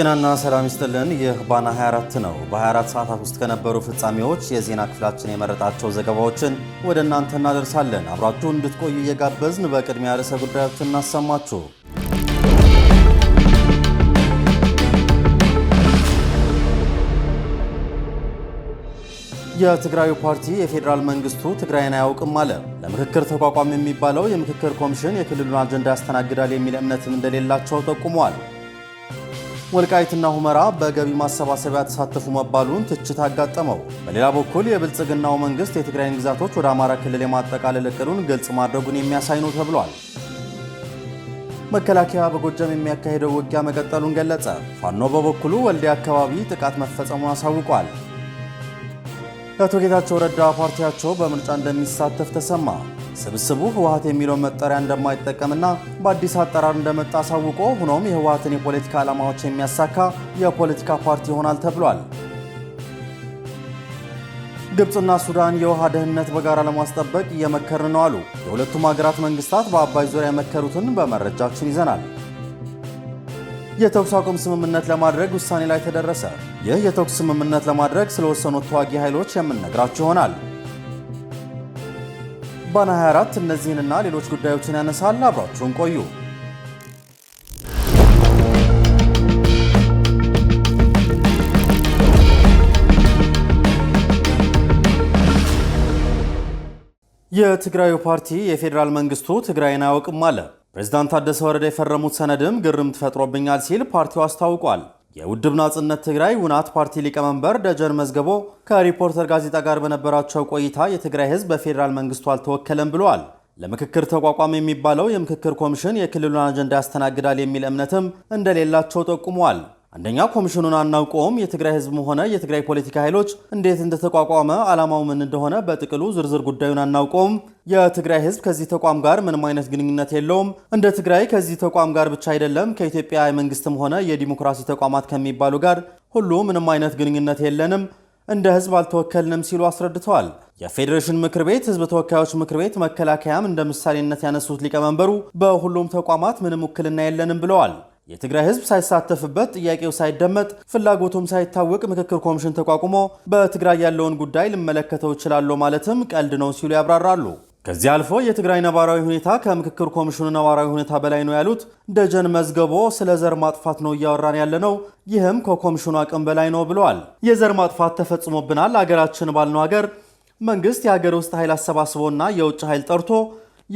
ጤናና ሰላም ይስጥልን። ይህ ባና 24 ነው። በ24 ሰዓታት ውስጥ ከነበሩ ፍጻሜዎች የዜና ክፍላችን የመረጣቸው ዘገባዎችን ወደ እናንተ እናደርሳለን። አብራችሁ እንድትቆዩ እየጋበዝን በቅድሚያ ርዕሰ ጉዳዮች እናሰማችሁ። የትግራዩ ፓርቲ የፌዴራል መንግስቱ ትግራይን አያውቅም አለ። ለምክክር ተቋቋም የሚባለው የምክክር ኮሚሽን የክልሉን አጀንዳ ያስተናግዳል የሚል እምነትም እንደሌላቸው ጠቁመዋል። ወልቃይትና ሁመራ በገቢ ማሰባሰቢያ ተሳተፉ መባሉን ትችት አጋጠመው። በሌላ በኩል የብልጽግናው መንግስት የትግራይን ግዛቶች ወደ አማራ ክልል የማጠቃለል እቅዱን ግልጽ ማድረጉን የሚያሳይ ነው ተብሏል። መከላከያ በጎጃም የሚያካሄደው ውጊያ መቀጠሉን ገለጸ። ፋኖ በበኩሉ ወልዴ አካባቢ ጥቃት መፈጸሙን አሳውቋል። የአቶ ጌታቸው ረዳ ፓርቲያቸው በምርጫ እንደሚሳተፍ ተሰማ። ስብስቡ ህወሀት የሚለውን መጠሪያ እንደማይጠቀምና በአዲስ አጠራር እንደመጣ አሳውቆ ሆኖም የህወሀትን የፖለቲካ ዓላማዎች የሚያሳካ የፖለቲካ ፓርቲ ይሆናል ተብሏል። ግብፅና ሱዳን የውሃ ደህንነት በጋራ ለማስጠበቅ እየመከርን ነው አሉ። የሁለቱም ሀገራት መንግስታት በአባይ ዙሪያ የመከሩትን በመረጃችን ይዘናል። የተኩስ አቁም ስምምነት ለማድረግ ውሳኔ ላይ ተደረሰ። ይህ የተኩስ ስምምነት ለማድረግ ስለወሰኑት ተዋጊ ኃይሎች የምንነግራችሁ ይሆናል። ባና 24 እነዚህንና ሌሎች ጉዳዮችን ያነሳል። አብራችሁን ቆዩ። የትግራዩ ፓርቲ የፌዴራል መንግስቱ ትግራይን አያውቅም አለ። ፕሬዝዳንት ታደሰ ወረደ የፈረሙት ሰነድም ግርምት ፈጥሮብኛል ሲል ፓርቲው አስታውቋል። የውድብ ናጽነት ትግራይ ውናት ፓርቲ ሊቀመንበር ደጀን መዝገቦ ከሪፖርተር ጋዜጣ ጋር በነበራቸው ቆይታ የትግራይ ህዝብ በፌዴራል መንግስቱ አልተወከለም ብለዋል። ለምክክር ተቋቋም የሚባለው የምክክር ኮሚሽን የክልሉን አጀንዳ ያስተናግዳል የሚል እምነትም እንደሌላቸው ጠቁመዋል። አንደኛ ኮሚሽኑን አናውቀውም። የትግራይ ህዝብም ሆነ የትግራይ ፖለቲካ ኃይሎች እንዴት እንደተቋቋመ ዓላማው ምን እንደሆነ በጥቅሉ ዝርዝር ጉዳዩን አናውቀውም። የትግራይ ህዝብ ከዚህ ተቋም ጋር ምንም አይነት ግንኙነት የለውም። እንደ ትግራይ ከዚህ ተቋም ጋር ብቻ አይደለም ከኢትዮጵያ የመንግስትም ሆነ የዲሞክራሲ ተቋማት ከሚባሉ ጋር ሁሉ ምንም አይነት ግንኙነት የለንም። እንደ ህዝብ አልተወከልንም ሲሉ አስረድተዋል። የፌዴሬሽን ምክር ቤት ህዝብ ተወካዮች ምክር ቤት መከላከያም እንደ ምሳሌነት ያነሱት ሊቀመንበሩ በሁሉም ተቋማት ምንም ውክልና የለንም ብለዋል። የትግራይ ህዝብ ሳይሳተፍበት ጥያቄው ሳይደመጥ ፍላጎቱም ሳይታወቅ ምክክር ኮሚሽን ተቋቁሞ በትግራይ ያለውን ጉዳይ ልመለከተው እችላለሁ ማለትም ቀልድ ነው ሲሉ ያብራራሉ። ከዚህ አልፎ የትግራይ ነባራዊ ሁኔታ ከምክክር ኮሚሽኑ ነባራዊ ሁኔታ በላይ ነው ያሉት ደጀን መዝገቦ ስለ ዘር ማጥፋት ነው እያወራን ያለነው፣ ይህም ከኮሚሽኑ አቅም በላይ ነው ብለዋል። የዘር ማጥፋት ተፈጽሞብናል አገራችን ባልነው አገር መንግስት የሀገር ውስጥ ኃይል አሰባስቦና የውጭ ኃይል ጠርቶ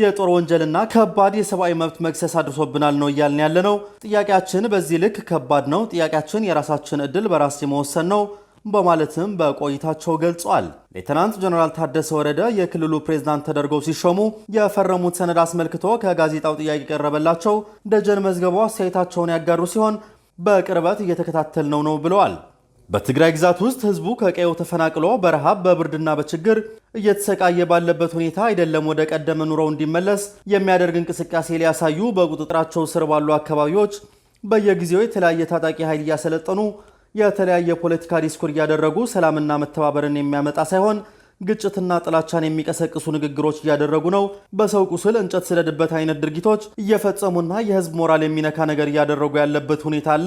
የጦር ወንጀልና ከባድ የሰብአዊ መብት መክሰስ አድርሶብናል ነው እያልን ያለ ነው። ጥያቄያችን በዚህ ልክ ከባድ ነው። ጥያቄያችን የራሳችን እድል በራስ የመወሰን ነው በማለትም በቆይታቸው ገልጿል። ሌተናንት ጀነራል ታደሰ ወረደ የክልሉ ፕሬዝዳንት ተደርገው ሲሾሙ የፈረሙት ሰነድ አስመልክቶ ከጋዜጣው ጥያቄ ቀረበላቸው። ደጀን መዝገቡ አስተያየታቸውን ያጋሩ ሲሆን በቅርበት እየተከታተል ነው ነው ብለዋል። በትግራይ ግዛት ውስጥ ህዝቡ ከቀየው ተፈናቅሎ በረሃብ በብርድና በችግር እየተሰቃየ ባለበት ሁኔታ አይደለም ወደ ቀደመ ኑሮው እንዲመለስ የሚያደርግ እንቅስቃሴ ሊያሳዩ በቁጥጥራቸው ስር ባሉ አካባቢዎች በየጊዜው የተለያየ ታጣቂ ኃይል እያሰለጠኑ የተለያየ ፖለቲካ ዲስኩር እያደረጉ ሰላምና መተባበርን የሚያመጣ ሳይሆን ግጭትና ጥላቻን የሚቀሰቅሱ ንግግሮች እያደረጉ ነው። በሰው ቁስል እንጨት ስደድበት አይነት ድርጊቶች እየፈጸሙና የህዝብ ሞራል የሚነካ ነገር እያደረጉ ያለበት ሁኔታ አለ።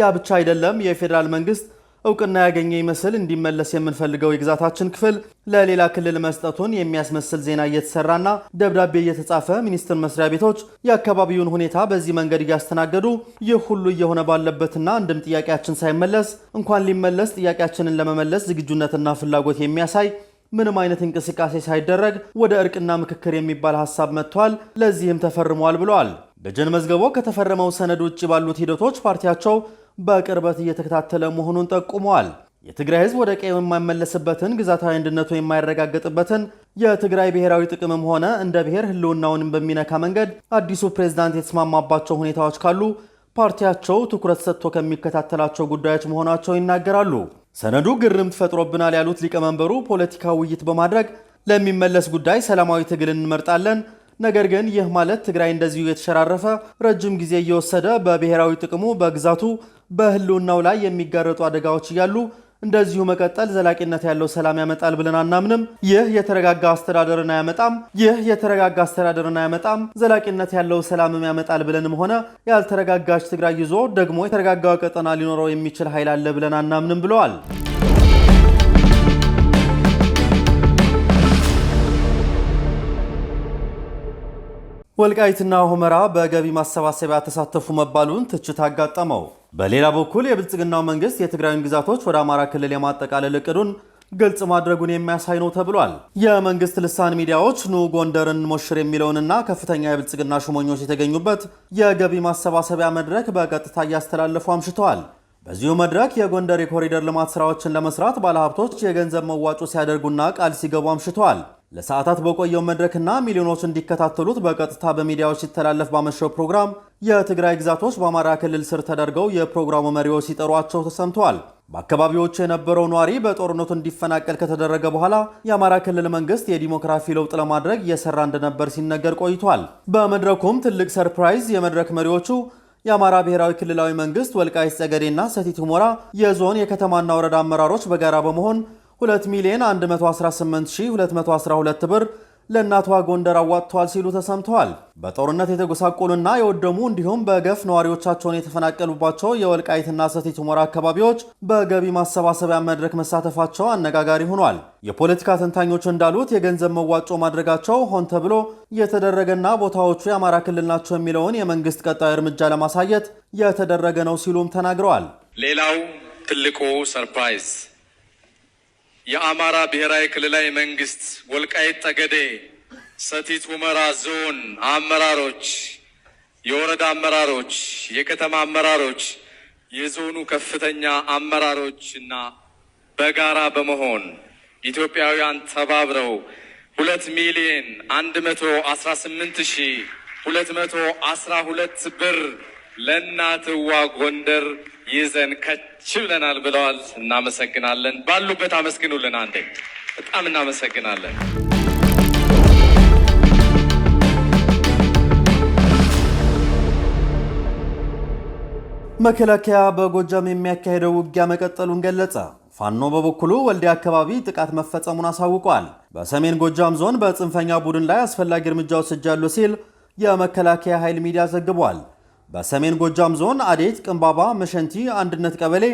ያ ብቻ አይደለም። የፌዴራል መንግስት እውቅና ያገኘ ይመስል እንዲመለስ የምንፈልገው የግዛታችን ክፍል ለሌላ ክልል መስጠቱን የሚያስመስል ዜና እየተሰራና ደብዳቤ እየተጻፈ ሚኒስቴር መስሪያ ቤቶች የአካባቢውን ሁኔታ በዚህ መንገድ እያስተናገዱ ይህ ሁሉ እየሆነ ባለበትና አንድም ጥያቄያችን ሳይመለስ እንኳን ሊመለስ ጥያቄያችንን ለመመለስ ዝግጁነትና ፍላጎት የሚያሳይ ምንም አይነት እንቅስቃሴ ሳይደረግ ወደ እርቅና ምክክር የሚባል ሀሳብ መጥቷል። ለዚህም ተፈርሟል ብለዋል። በጀን መዝገቦ ከተፈረመው ሰነድ ውጭ ባሉት ሂደቶች ፓርቲያቸው በቅርበት እየተከታተለ መሆኑን ጠቁመዋል። የትግራይ ህዝብ ወደ ቀይ የማይመለስበትን ግዛታዊ አንድነቱ የማይረጋገጥበትን የትግራይ ብሔራዊ ጥቅምም ሆነ እንደ ብሔር ህልውናውንም በሚነካ መንገድ አዲሱ ፕሬዝዳንት የተስማማባቸው ሁኔታዎች ካሉ ፓርቲያቸው ትኩረት ሰጥቶ ከሚከታተላቸው ጉዳዮች መሆናቸው ይናገራሉ። ሰነዱ ግርምት ፈጥሮብናል ያሉት ሊቀመንበሩ ፖለቲካ ውይይት በማድረግ ለሚመለስ ጉዳይ ሰላማዊ ትግል እንመርጣለን። ነገር ግን ይህ ማለት ትግራይ እንደዚሁ የተሸራረፈ ረጅም ጊዜ እየወሰደ በብሔራዊ ጥቅሙ በግዛቱ በህልውናው ላይ የሚጋረጡ አደጋዎች እያሉ እንደዚሁ መቀጠል ዘላቂነት ያለው ሰላም ያመጣል ብለን አናምንም። ይህ የተረጋጋ አስተዳደርን አያመጣም። ይህ የተረጋጋ አስተዳደርን አያመጣም። ዘላቂነት ያለው ሰላምም ያመጣል ብለንም ሆነ ያልተረጋጋች ትግራይ ይዞ ደግሞ የተረጋጋ ቀጠና ሊኖረው የሚችል ኃይል አለ ብለን አናምንም ብለዋል። ወልቃይትና ሁመራ በገቢ ማሰባሰቢያ ተሳተፉ መባሉን ትችት አጋጠመው። በሌላ በኩል የብልጽግናው መንግስት የትግራይን ግዛቶች ወደ አማራ ክልል የማጠቃለል እቅዱን ግልጽ ማድረጉን የሚያሳይ ነው ተብሏል። የመንግስት ልሳን ሚዲያዎች ኑ ጎንደርን ሞሽር የሚለውንና ከፍተኛ የብልጽግና ሹመኞች የተገኙበት የገቢ ማሰባሰቢያ መድረክ በቀጥታ እያስተላለፉ አምሽተዋል። በዚሁ መድረክ የጎንደር የኮሪደር ልማት ስራዎችን ለመስራት ባለሀብቶች የገንዘብ መዋጮ ሲያደርጉና ቃል ሲገቡ አምሽተዋል። ለሰዓታት በቆየው መድረክና ሚሊዮኖች እንዲከታተሉት በቀጥታ በሚዲያዎች ሲተላለፍ ባመሸው ፕሮግራም የትግራይ ግዛቶች በአማራ ክልል ስር ተደርገው የፕሮግራሙ መሪዎች ሲጠሯቸው ተሰምተዋል። በአካባቢዎቹ የነበረው ነዋሪ በጦርነቱ እንዲፈናቀል ከተደረገ በኋላ የአማራ ክልል መንግስት የዲሞክራሲ ለውጥ ለማድረግ እየሰራ እንደነበር ሲነገር ቆይቷል። በመድረኩም ትልቅ ሰርፕራይዝ የመድረክ መሪዎቹ የአማራ ብሔራዊ ክልላዊ መንግስት ወልቃይት ጸገዴና ሰቲት ሁመራ የዞን የከተማና ወረዳ አመራሮች በጋራ በመሆን 2 ሚሊዮን 118212 ብር ለእናቷ ጎንደር አዋጥተዋል ሲሉ ተሰምተዋል። በጦርነት የተጎሳቆሉና የወደሙ እንዲሁም በገፍ ነዋሪዎቻቸውን የተፈናቀሉባቸው የወልቃይትና ሰቲት ሁመራ አካባቢዎች በገቢ ማሰባሰቢያ መድረክ መሳተፋቸው አነጋጋሪ ሆኗል። የፖለቲካ ተንታኞች እንዳሉት የገንዘብ መዋጮ ማድረጋቸው ሆን ተብሎ የተደረገና ቦታዎቹ የአማራ ክልል ናቸው የሚለውን የመንግስት ቀጣይ እርምጃ ለማሳየት የተደረገ ነው ሲሉም ተናግረዋል። ሌላው ትልቁ ሰርፕራይዝ የአማራ ብሔራዊ ክልላዊ መንግስት ወልቃይት ጠገዴ ሰቲት ሁመራ ዞን አመራሮች፣ የወረዳ አመራሮች፣ የከተማ አመራሮች፣ የዞኑ ከፍተኛ አመራሮች እና በጋራ በመሆን ኢትዮጵያውያን ተባብረው ሁለት ሚሊየን አንድ መቶ አስራ ስምንት ሺ ሁለት መቶ አስራ ሁለት ብር ለእናትዋ ጎንደር ይዘን ከች ብለናል ብለዋል። እናመሰግናለን። ባሉበት አመስግኑልን። አንዴ በጣም እናመሰግናለን። መከላከያ በጎጃም የሚያካሄደው ውጊያ መቀጠሉን ገለጸ። ፋኖ በበኩሉ ወልዲያ አካባቢ ጥቃት መፈጸሙን አሳውቋል። በሰሜን ጎጃም ዞን በጽንፈኛ ቡድን ላይ አስፈላጊ እርምጃ ወስጃለሁ ሲል የመከላከያ ኃይል ሚዲያ ዘግቧል። በሰሜን ጎጃም ዞን አዴት፣ ቅንባባ፣ መሸንቲ፣ አንድነት ቀበሌ፣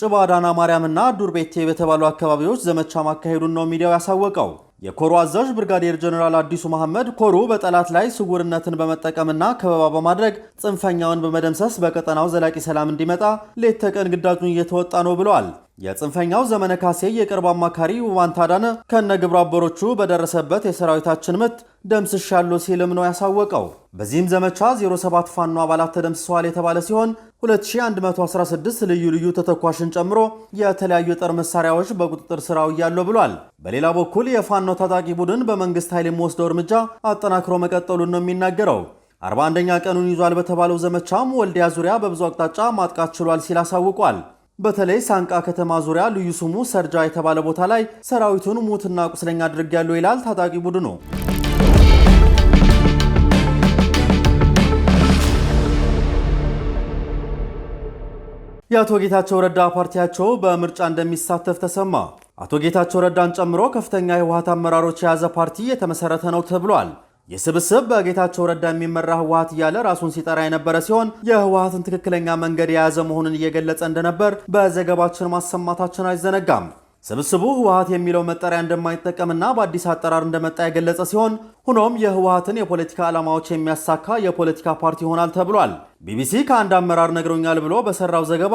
ጭባ ዳና ማርያምና ዱርቤቴ በተባሉ አካባቢዎች ዘመቻ ማካሄዱን ነው ሚዲያው ያሳወቀው። የኮሩ አዛዥ ብርጋዴር ጀኔራል አዲሱ መሐመድ ኮሩ በጠላት ላይ ስውርነትን በመጠቀምና ከበባ በማድረግ ጽንፈኛውን በመደምሰስ በቀጠናው ዘላቂ ሰላም እንዲመጣ ሌት ተቀን ግዳጁን እየተወጣ ነው ብለዋል። የጽንፈኛው ዘመነ ካሴ የቅርብ አማካሪ ውባን ታዳነ ከነ ግብረ አበሮቹ በደረሰበት የሰራዊታችን ምት ደምስሻለሁ ሲልም ነው ያሳወቀው። በዚህም ዘመቻ 07 ፋኖ አባላት ተደምስሰዋል የተባለ ሲሆን 2116 ልዩ ልዩ ተተኳሽን ጨምሮ የተለያዩ የጦር መሳሪያዎች በቁጥጥር ስር አውያለሁ ብሏል። በሌላ በኩል የፋኖ ታጣቂ ቡድን በመንግስት ኃይል የሚወስደው እርምጃ አጠናክሮ መቀጠሉን ነው የሚናገረው። 41ኛ ቀኑን ይዟል በተባለው ዘመቻም ወልዲያ ዙሪያ በብዙ አቅጣጫ ማጥቃት ችሏል ሲል አሳውቋል። በተለይ ሳንቃ ከተማ ዙሪያ ልዩ ስሙ ሰርጃ የተባለ ቦታ ላይ ሰራዊቱን ሞትና ቁስለኛ አድርጌያለሁ ይላል ታጣቂ ቡድኑ። የአቶ ጌታቸው ረዳ ፓርቲያቸው በምርጫ እንደሚሳተፍ ተሰማ። አቶ ጌታቸው ረዳን ጨምሮ ከፍተኛ የህወሓት አመራሮች የያዘ ፓርቲ የተመሰረተ ነው ተብሏል። የስብስብ በጌታቸው ረዳ የሚመራ ህወሀት እያለ ራሱን ሲጠራ የነበረ ሲሆን የህወሀትን ትክክለኛ መንገድ የያዘ መሆኑን እየገለጸ እንደነበር በዘገባችን ማሰማታችን አይዘነጋም። ስብስቡ ህወሀት የሚለው መጠሪያ እንደማይጠቀምና በአዲስ አጠራር እንደመጣ የገለጸ ሲሆን ሆኖም የህወሀትን የፖለቲካ ዓላማዎች የሚያሳካ የፖለቲካ ፓርቲ ይሆናል ተብሏል። ቢቢሲ ከአንድ አመራር ነግሮኛል ብሎ በሰራው ዘገባ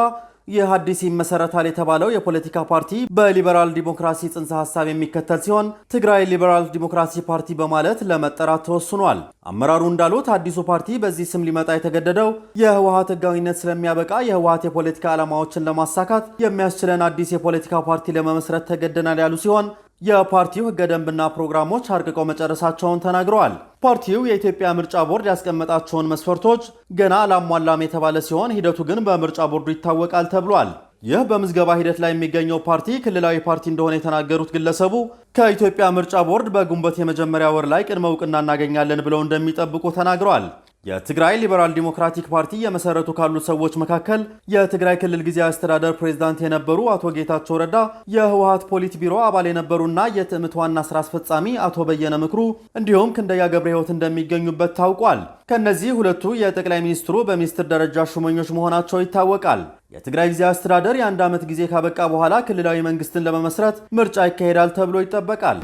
ይህ አዲስ ይመሰረታል የተባለው የፖለቲካ ፓርቲ በሊበራል ዲሞክራሲ ጽንሰ ሀሳብ የሚከተል ሲሆን ትግራይ ሊበራል ዲሞክራሲ ፓርቲ በማለት ለመጠራት ተወስኗል። አመራሩ እንዳሉት አዲሱ ፓርቲ በዚህ ስም ሊመጣ የተገደደው የህወሀት ህጋዊነት ስለሚያበቃ የህወሀት የፖለቲካ ዓላማዎችን ለማሳካት የሚያስችለን አዲስ የፖለቲካ ፓርቲ ለመመስረት ተገደናል ያሉ ሲሆን የፓርቲው ህገ ደንብና ፕሮግራሞች አርቅቀው መጨረሳቸውን ተናግረዋል። ፓርቲው የኢትዮጵያ ምርጫ ቦርድ ያስቀመጣቸውን መስፈርቶች ገና አላሟላም የተባለ ሲሆን ሂደቱ ግን በምርጫ ቦርዱ ይታወቃል ተብሏል። ይህ በምዝገባ ሂደት ላይ የሚገኘው ፓርቲ ክልላዊ ፓርቲ እንደሆነ የተናገሩት ግለሰቡ ከኢትዮጵያ ምርጫ ቦርድ በግንቦት የመጀመሪያ ወር ላይ ቅድመ እውቅና እናገኛለን ብለው እንደሚጠብቁ ተናግረዋል። የትግራይ ሊበራል ዲሞክራቲክ ፓርቲ የመሰረቱ ካሉት ሰዎች መካከል የትግራይ ክልል ጊዜያዊ አስተዳደር ፕሬዝዳንት የነበሩ አቶ ጌታቸው ረዳ፣ የህወሀት ፖሊት ቢሮ አባል የነበሩና የትዕምት ዋና ስራ አስፈጻሚ አቶ በየነ ምክሩ እንዲሁም ክንደያ ገብረ ህይወት እንደሚገኙበት ታውቋል። ከእነዚህ ሁለቱ የጠቅላይ ሚኒስትሩ በሚኒስትር ደረጃ ሹመኞች መሆናቸው ይታወቃል። የትግራይ ጊዜያዊ አስተዳደር የአንድ ዓመት ጊዜ ካበቃ በኋላ ክልላዊ መንግስትን ለመመስረት ምርጫ ይካሄዳል ተብሎ ይጠበቃል።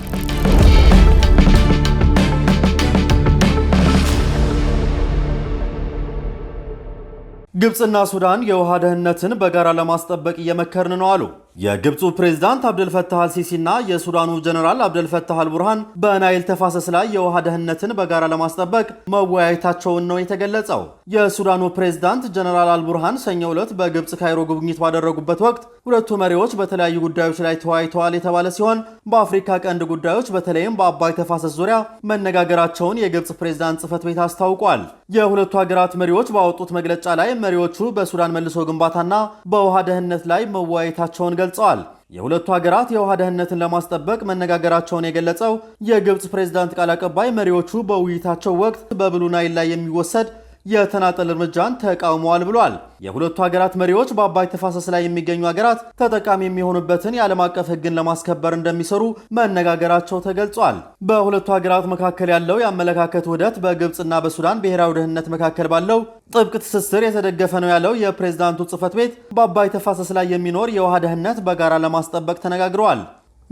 ግብፅና ሱዳን የውሃ ደህንነትን በጋራ ለማስጠበቅ እየመከርን ነው አሉ። የግብፁ ፕሬዝዳንት አብደልፈታህ አልሲሲና የሱዳኑ ጀነራል አብደልፈታህ አልቡርሃን በናይል ተፋሰስ ላይ የውሃ ደህንነትን በጋራ ለማስጠበቅ መወያየታቸውን ነው የተገለጸው። የሱዳኑ ፕሬዝዳንት ጀነራል አልቡርሃን ሰኞ ዕለት በግብፅ ካይሮ ጉብኝት ባደረጉበት ወቅት ሁለቱ መሪዎች በተለያዩ ጉዳዮች ላይ ተወያይተዋል የተባለ ሲሆን በአፍሪካ ቀንድ ጉዳዮች በተለይም በአባይ ተፋሰስ ዙሪያ መነጋገራቸውን የግብፅ ፕሬዝዳንት ጽህፈት ቤት አስታውቋል። የሁለቱ ሀገራት መሪዎች ባወጡት መግለጫ ላይ መሪዎቹ በሱዳን መልሶ ግንባታና በውሃ ደህንነት ላይ መወያየታቸውን ገልጸዋል። የሁለቱ ሀገራት የውሃ ደህንነትን ለማስጠበቅ መነጋገራቸውን የገለጸው የግብፅ ፕሬዝዳንት ቃል አቀባይ መሪዎቹ በውይይታቸው ወቅት በብሉ ናይል ላይ የሚወሰድ የተናጠል እርምጃን ተቃውመዋል ብሏል። የሁለቱ ሀገራት መሪዎች በአባይ ተፋሰስ ላይ የሚገኙ ሀገራት ተጠቃሚ የሚሆኑበትን የዓለም አቀፍ ሕግን ለማስከበር እንደሚሰሩ መነጋገራቸው ተገልጿል። በሁለቱ ሀገራት መካከል ያለው የአመለካከት ውህደት በግብፅና በሱዳን ብሔራዊ ደህንነት መካከል ባለው ጥብቅ ትስስር የተደገፈ ነው ያለው የፕሬዝዳንቱ ጽህፈት ቤት በአባይ ተፋሰስ ላይ የሚኖር የውሃ ደህንነት በጋራ ለማስጠበቅ ተነጋግረዋል።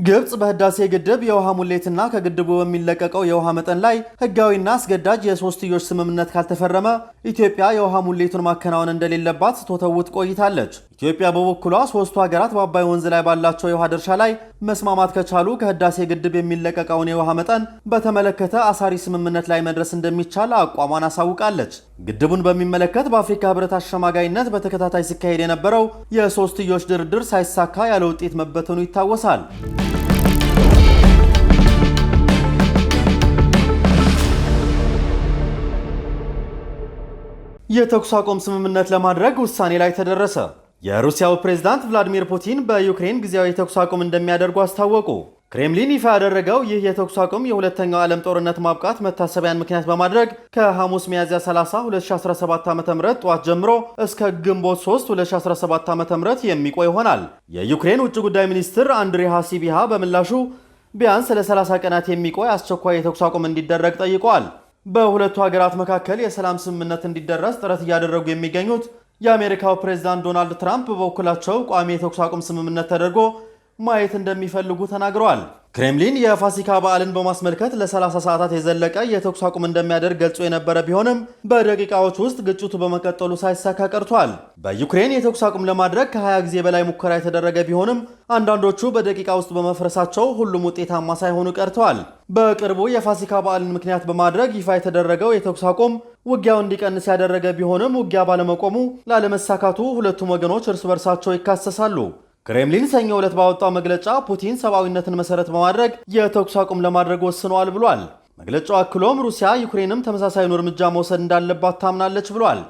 ግብጽ በህዳሴ ግድብ የውሃ ሙሌትና ከግድቡ በሚለቀቀው የውሃ መጠን ላይ ህጋዊና አስገዳጅ የሶስትዮሽ ስምምነት ካልተፈረመ ኢትዮጵያ የውሃ ሙሌቱን ማከናወን እንደሌለባት ስትወተውት ቆይታለች። ኢትዮጵያ በበኩሏ ሶስቱ ሀገራት በአባይ ወንዝ ላይ ባላቸው የውሃ ድርሻ ላይ መስማማት ከቻሉ ከህዳሴ ግድብ የሚለቀቀውን የውሃ መጠን በተመለከተ አሳሪ ስምምነት ላይ መድረስ እንደሚቻል አቋሟን አሳውቃለች። ግድቡን በሚመለከት በአፍሪካ ህብረት አሸማጋይነት በተከታታይ ሲካሄድ የነበረው የሶስትዮሽ ድርድር ሳይሳካ ያለ ውጤት መበተኑ ይታወሳል። የተኩስ አቁም ስምምነት ለማድረግ ውሳኔ ላይ ተደረሰ። የሩሲያው ፕሬዝዳንት ቭላዲሚር ፑቲን በዩክሬን ጊዜያዊ የተኩስ አቁም እንደሚያደርጉ አስታወቁ። ክሬምሊን ይፋ ያደረገው ይህ የተኩስ አቁም የሁለተኛው ዓለም ጦርነት ማብቃት መታሰቢያን ምክንያት በማድረግ ከሐሙስ ሚያዝያ 30 2017 ዓ ም ጠዋት ጀምሮ እስከ ግንቦት 3 2017 ዓ ም የሚቆይ ይሆናል። የዩክሬን ውጭ ጉዳይ ሚኒስትር አንድሪ ሃሲቢሃ በምላሹ ቢያንስ ለ30 ቀናት የሚቆይ አስቸኳይ የተኩስ አቁም እንዲደረግ ጠይቋል በሁለቱ ሀገራት መካከል የሰላም ስምምነት እንዲደረስ ጥረት እያደረጉ የሚገኙት የአሜሪካው ፕሬዚዳንት ዶናልድ ትራምፕ በበኩላቸው ቋሚ የተኩስ አቁም ስምምነት ተደርጎ ማየት እንደሚፈልጉ ተናግረዋል። ክሬምሊን የፋሲካ በዓልን በማስመልከት ለ30 ሰዓታት የዘለቀ የተኩስ አቁም እንደሚያደርግ ገልጾ የነበረ ቢሆንም በደቂቃዎች ውስጥ ግጭቱ በመቀጠሉ ሳይሳካ ቀርቷል። በዩክሬን የተኩስ አቁም ለማድረግ ከ20 ጊዜ በላይ ሙከራ የተደረገ ቢሆንም አንዳንዶቹ በደቂቃ ውስጥ በመፍረሳቸው ሁሉም ውጤታማ ሳይሆኑ ቀርተዋል። በቅርቡ የፋሲካ በዓልን ምክንያት በማድረግ ይፋ የተደረገው የተኩስ አቁም ውጊያው እንዲቀንስ ያደረገ ቢሆንም ውጊያ ባለመቆሙ ላለመሳካቱ ሁለቱም ወገኖች እርስ በርሳቸው ይካሰሳሉ። ክሬምሊን ሰኞ ዕለት ባወጣው መግለጫ ፑቲን ሰብአዊነትን መሰረት በማድረግ የተኩስ አቁም ለማድረግ ወስነዋል ብሏል። መግለጫው አክሎም ሩሲያ ዩክሬንም ተመሳሳዩን እርምጃ መውሰድ እንዳለባት ታምናለች ብሏል።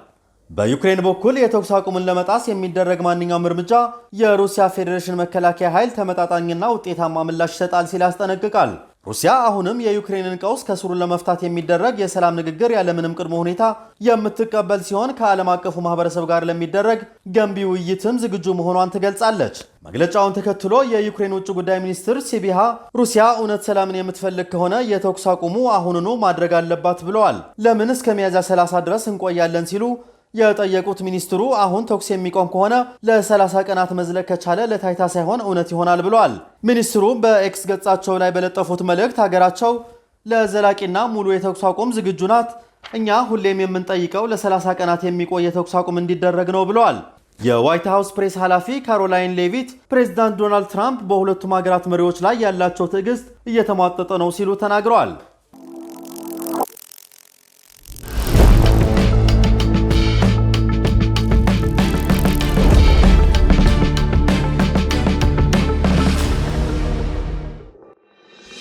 በዩክሬን በኩል የተኩስ አቁምን ለመጣስ የሚደረግ ማንኛውም እርምጃ የሩሲያ ፌዴሬሽን መከላከያ ኃይል ተመጣጣኝና ውጤታማ ምላሽ ይሰጣል ሲል ያስጠነቅቃል። ሩሲያ አሁንም የዩክሬንን ቀውስ ከስሩ ለመፍታት የሚደረግ የሰላም ንግግር ያለምንም ቅድመ ሁኔታ የምትቀበል ሲሆን ከዓለም አቀፉ ማህበረሰብ ጋር ለሚደረግ ገንቢ ውይይትም ዝግጁ መሆኗን ትገልጻለች። መግለጫውን ተከትሎ የዩክሬን ውጭ ጉዳይ ሚኒስትር ሲቢሃ ሩሲያ እውነት ሰላምን የምትፈልግ ከሆነ የተኩስ አቁሙ አሁንኑ ማድረግ አለባት ብለዋል። ለምን እስከ ሚያዝያ 30 ድረስ እንቆያለን ሲሉ የጠየቁት ሚኒስትሩ አሁን ተኩስ የሚቆም ከሆነ ለ30 ቀናት መዝለቅ ከቻለ ለታይታ ሳይሆን እውነት ይሆናል ብለዋል። ሚኒስትሩም በኤክስ ገጻቸው ላይ በለጠፉት መልእክት ሀገራቸው ለዘላቂና ሙሉ የተኩስ አቁም ዝግጁ ናት፣ እኛ ሁሌም የምንጠይቀው ለ30 ቀናት የሚቆይ የተኩስ አቁም እንዲደረግ ነው ብለዋል። የዋይት ሀውስ ፕሬስ ኃላፊ ካሮላይን ሌቪት ፕሬዚዳንት ዶናልድ ትራምፕ በሁለቱም ሀገራት መሪዎች ላይ ያላቸው ትዕግስት እየተሟጠጠ ነው ሲሉ ተናግረዋል።